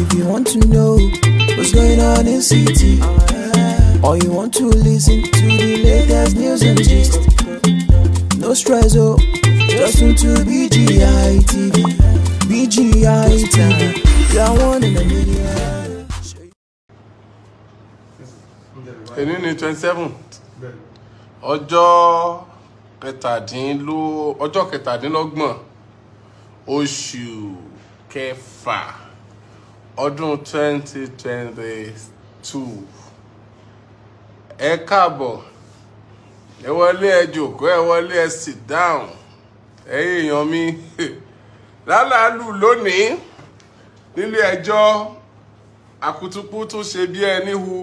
If you want to know what's going on in city, or you want to listen to the latest news and gist, no stress, oh, just tune to BGI TV. BGI TV, you are one in a million. Èní ni twenty seven ọjọ́ kẹtàdínlọ́gbọ̀n oṣù kẹfà ọdún 2022 ẹ káàbọ̀ ẹ wọlé ẹ jòkó ẹ wọlé ẹ sit down ẹ̀yin èèyàn mi lálàálù lónìí nílé ẹjọ́ àkútúkú tó ṣe bí ẹni hu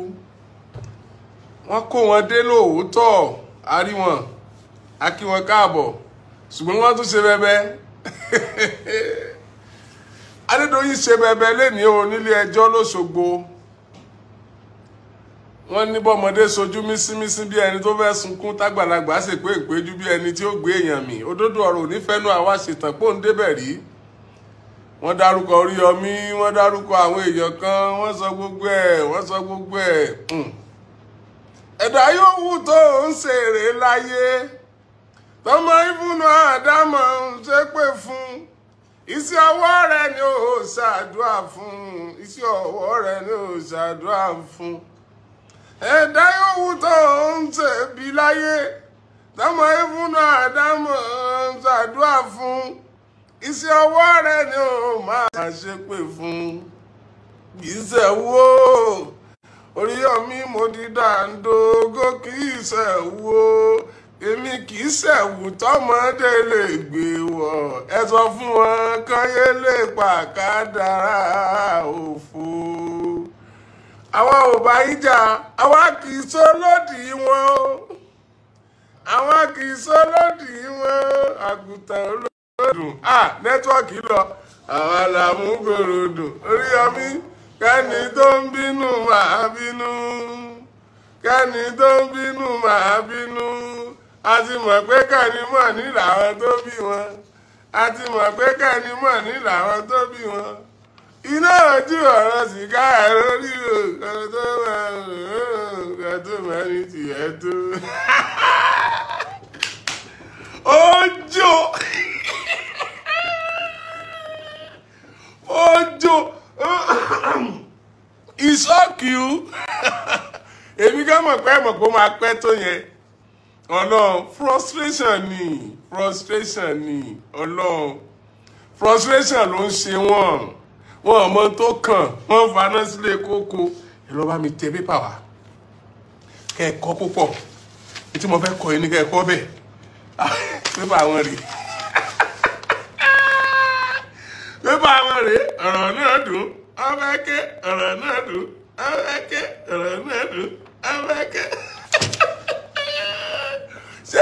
wọ́n kó wọn dé lóòótọ́ àrí wọn a kí wọn káàbọ̀ ṣùgbọ́n wọ́n tún ṣe bẹ́ẹ̀ bẹ́ẹ̀. adédọ̀yìn ṣe bẹ̀bẹ̀ lẹ́ni o nílé ẹjọ́ lọ́sọ̀gbọ̀ Wọn ní bọ́mọdé sojú mísímísí bí ẹni tó fẹ́ sunkún tágbàlagbà sì pé ìpéjú bí ẹni tí ó gbé èèyàn mì òdodo ọ̀rọ̀ onífẹ́nu àwa ṣètàn pò ń débẹ̀ rí wọ́n dárúkọ Oríyọmí wọ́n dárúkọ àwọn èèyàn kan wọn sọ gbogbo ẹ̀ wọn sọ gbogbo ẹ̀ hmm. ẹ̀dá yóò wù tó ń ṣèrè láyé tọmọ ìfúnná àdámọ̀ ń ṣépè fún un. isi ọwọ rẹ ni o ṣàdúrà fún isi ọwọ́ rẹ ni ó ṣàdúrà fún ẹ̀dá yòówù tó ń ṣèbí láyé tọmọ ìfúnná àdámọ̀ ń ṣàdúrà fún isi rẹ ni ó máa ṣe fún ìṣẹ̀ wo orí mo dídá ń ṣe èmi kì í ṣẹ̀wù tọ́mọdé lè gbé wọ̀ ẹ sọ fún wọn kányé lè pàkádàrá òfo. àwa ò bá yín jà kì í sólódì wọn o àwa kì í sólódì wọn àgùntàn olódùn à nẹ́tíwọ́ọ̀kì lọ àwa là gbòòrò dùn orí ọmí kẹ́ni tó ń bínú màá bínú kẹ́ni tó ń bínú màá bínú a ti mọ̀ pé kànímọ̀ ní làwọn tó bí wọn a ti mọ̀ pé kànímọ̀ ní làwọn tó bí wọn iná ojú ọ̀rọ̀ sìgá ẹ̀rọ ríro tó máa ń kan tó máa ní tiẹ̀ tó ojú ojú ìsọ́kìú èmi gan mọ̀ pé mọ̀ pé ó máa pẹ́ tó yẹn ọlọ́run frustration ni frustration ni ọlọ́run frustration ló ń ṣe wọ́n wọ́n ọmọ tó kàn wọ́n faná sílé kókó ẹ lọ bá mi tẹ pépà wá kẹ́ẹ̀kọ́ púpọ̀ tí mo fẹ́ kọ́ yín ní kẹ́ẹ̀kọ́ bẹ́ẹ̀ pépà wọn rèé pépà wọn rèé ọ̀rọ̀ náà dùn ọ̀fẹ́ ké ọ̀rọ̀ náà dùn ọ̀fẹ́ ké ọ̀rọ̀ náà dùn ọ̀fẹ́ ké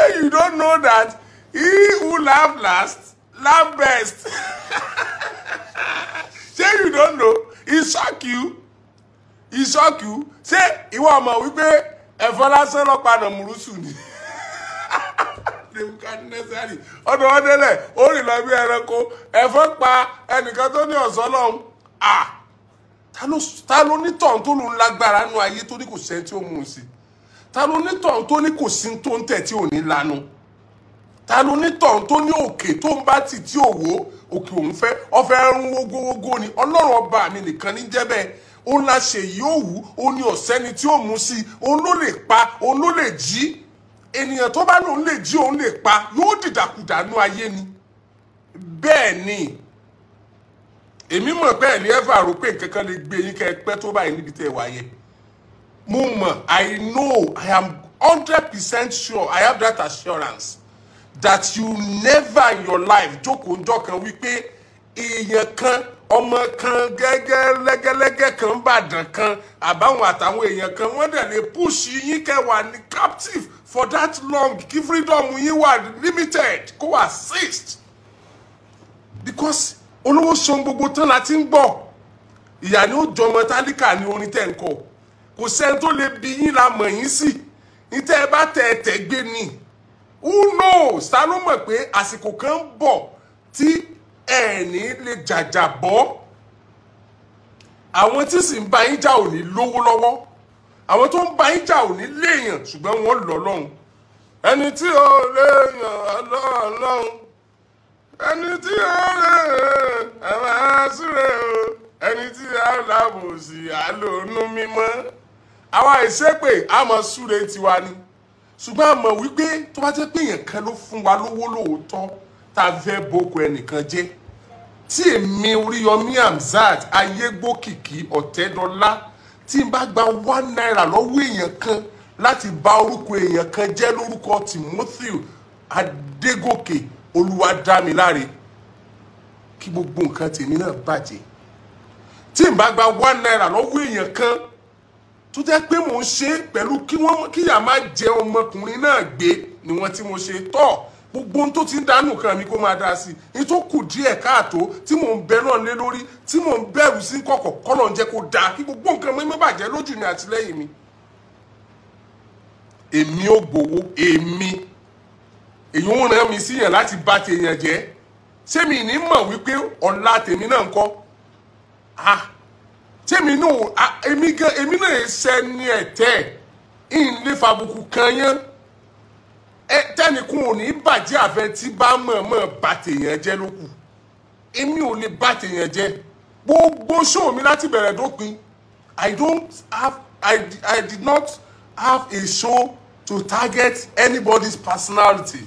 say you don't know that he who laugh last laugh best say you don't know he shock you he shock you say ìwọ ọmọ wípé ẹ̀fọ́ lásán lọ́pàá nà múrùsù ni ọdọ ọdẹlẹ ó rìn lọ bí ẹranko ẹ̀fọ́ pa ẹnìkan tó ní ọ̀sán lọ́hùn ah! ta ló ní tọ̀hún tó lù ń lágbára nínú ayé torí kò sẹ́ni tí ó mú un sí i ta ló ní tọ̀hún tó ní kò sí tó ń tẹ̀ tí ò ní lanu ta ló ní tọ̀hún tó ní òkè tó ń bá tì tí ò wó òkè òun fẹ́ ọfẹ́ ń wógówógó ni ọlọ́run ọba mi nìkan ní jẹ́bẹ̀ òun la ṣe yìí ó wù òun ni ọ̀sẹ́ni tí ó mú sí òun ló lè pa òun ló lè jí ènìyàn tó bá lòun lè jí òun lè pa yóò dìdàkudà nú ayé ni bẹ́ẹ̀ ni èmi mọ̀ bẹ́ẹ̀ ni ẹ fà rò pé nǹkan kan lè gbé yín kẹ́ ẹ pẹ́ tó báyìí níbi tẹ́ ẹ wáyé. Mumma, I know, I am 100% sure, I have that assurance that you never in your life jókòó njọ́kan wípé èèyàn kan ọmọ kan gẹ́gẹ́ lẹ́gẹ́lẹ́gẹ́ kan bàdàn kan àbáwọn àtàwọn èèyàn kan wọ́n dẹ̀ lè push yín kẹwàá ní captive for that long kí freedom yín wà limited kó wà sixth because olówó san gbogbo tán la ti ń gbọ́ ìyá ni ó jọmọ tálíkà ní orin tẹ̀ ń kọ́ kò sẹ́ni tó lè bi yín la mọ̀ yín sí ní tẹ́ ẹ bá tẹ̀ tẹ̀ gbé ni who knows ta ló mọ̀ pé àsìkò kan ń bọ̀ tí ẹ̀ẹ̀ni lè jàjà bọ́ àwọn tí sì ń bá yín jà ò ní lówó lọ́wọ́ àwọn tó ń bá yín jà ò ní léèyàn ṣùgbọ́n wọ́n lọ lọ́hùn ẹni tí ó léèyàn ọlọ́ọ̀lọ́hùn ẹni tí ó léèyàn ẹ̀rọ àṣírẹ́ o ẹni tí a làbòsí àlòónú mímọ́ àwa ìṣépè a máa súre tiwa ni ṣùgbọ́n a mọ̀ wípé tó bá jẹ́ pé èèyàn kan ló fún wa lówó lóòótọ́ tá a fẹ́ boko ẹnìkan jẹ́ tí èmi Oríyọmí Hamzat Ayégbókìkí Ọ̀tẹ́dọ́lá tí n bá gba one naira lọ́wọ́ èèyàn kan láti bà orúkọ èèyàn kan jẹ́ lórúkọ Timothy Adégòkè Olúwadámiláre kí gbogbo nǹkan tèmi náà bàjẹ́ tí n bá gba one naira lọ́wọ́ èèyàn kan tó jẹ́ pé mò ń ṣe pẹ̀lú kí wọ́n kíyà má jẹ ọmọkùnrin náà gbé ni wọ́n tí mo ṣe tọ́ gbogbo ohun tó ti ń dánù kan mi kó máa dá sí i ní tó kù díẹ̀ káàtó tí mò ń bẹ náà lé lórí tí mò ń bẹ̀rù sí kọ̀kọ̀ kọ́lọ̀ ń jẹ́ kó dáa kí gbogbo nǹkan mi má bàjẹ́ lójú mi àtìlẹ́yìn mi èmi ò gbowó èmi èyàn ò rán mi síyàn láti bá tèèyàn jẹ́ sẹ́mi ní mọ̀ wípé ọ̀la tèmi náà ń kọ́ ah tèmi náà èmi gan èmi náà ṣẹni ẹ̀tẹ́ ìnlé fàbùkù kan yẹn tẹnikun ò ní bàjẹ́ àfẹ tí bá mọ̀ọ́mọ̀ bà tèèyàn jẹ́ ló kù èmi ò lè bà tèèyàn jẹ́ gbogbo ṣóò mi láti bẹ̀rẹ̀ dópin I don't have I, I did not have a show to target anybody's personality.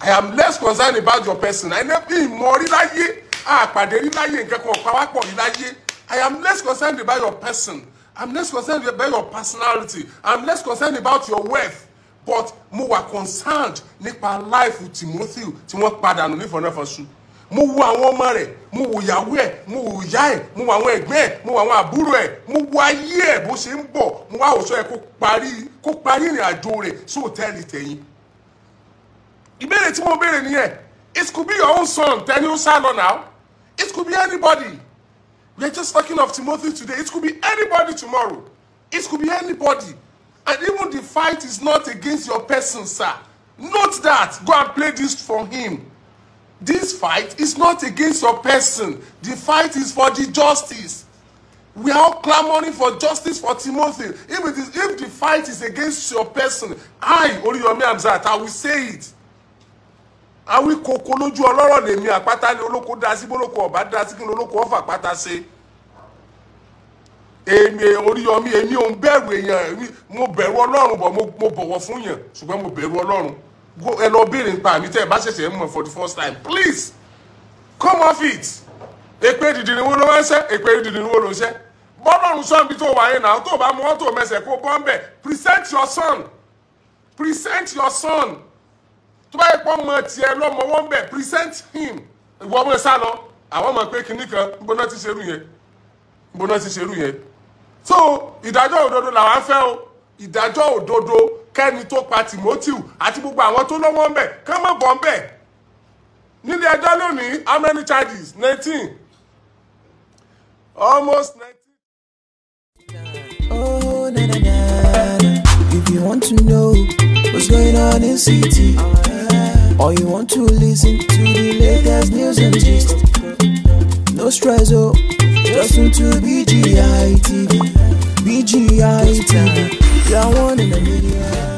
I am less concerned about your person. I never been mọ̀ rí láyé àpàdé rí láyé nǹkan kan pàwápọ̀ rí láyé. I am less concerned about your person. I'm less concerned about your personality. I'm less concerned about your wealth. But mo wà concerned nípa life Timothy tí wọ́n padànù nífọ̀nàfọ̀sù. Mo wo àwọn ọmọ rẹ̀, mo wo ìyàwó ẹ̀, mo wo ìyá ẹ̀, mo wo àwọn ẹ̀gbẹ́ ẹ̀, mo wo àwọn àbúrò ẹ̀, mo wo ayé ẹ̀ bó ṣe ń bọ̀, mo wá òṣọ ẹ̀ kó parí kó parí ìrìn àjò rẹ̀ sóòtẹ́ẹ̀lì tẹ̀yìn. Ìbéèrè tí mo béèrè nìyẹn, it could be your own son tẹ́ni ó sá lọ now, it could be anybody. We are just talking of Timothy today. It could be anybody tomorrow. It could be anybody. And even the fight is not against your person, sir. Note that. Go and play this for him. This fight is not against your person. The fight is for the justice. We are all clamoring for justice for Timothy. If, it is, if the fight is against your person, I, Oriyomi Hamzat, I will say it. Awíkoko lójú ọlọ́rọ̀ lèmi àpáta ni olóko dá sí bólóko ọ̀bá dá sí kí ni olóko ọ̀fà pátá ṣe èmi Oríyọmí èmi ò ń bẹ̀rù èèyàn mo bẹ̀rù ọlọ́run bọ̀ mo bọ̀wọ̀ fún yàn ṣùgbọ́n mo bẹ̀rù ọlọ́run ẹ lọ béèrè nípa mi tẹ́ ẹ bá ṣẹ̀ṣẹ̀ mọ̀ for the first time please come off it èpè dìdì ni wọ́n ló ń ṣe èpè dìdì ni wọ́n ló ń ṣe bọ́lọ́run sọ́ọ̀bì tó wà yẹn náà tó bá mọ́tò mẹsẹ̀ kó bọ́ńbẹ̀ present your son present your son tó bá yẹ pé ọmọ tiẹ̀ lọ́mọ wọn bẹ̀ present him ìwọ ọmọ sá lọ àwọn ọmọ pé kinní kan gbóná ti ṣerú yẹn gbóná ti ṣerú yẹn so ìdájọ́ òdodo làwọn fẹ́ o ìdájọ́ òdodo kẹ́ni tó pa Timothy àti gbogbo àwọn tó lọ́wọ́ ń bẹ̀ kán mọ̀ bọ́ ń bẹ̀ nílé ẹjọ́ lónìí how many charges nineteen almost nineteen. Oh, na, na, na. If you want to know what's going on in city. Or you want to listen to the latest news and gist? No stress, oh, just listen to BGI TV. BGI TV, you're one in a million.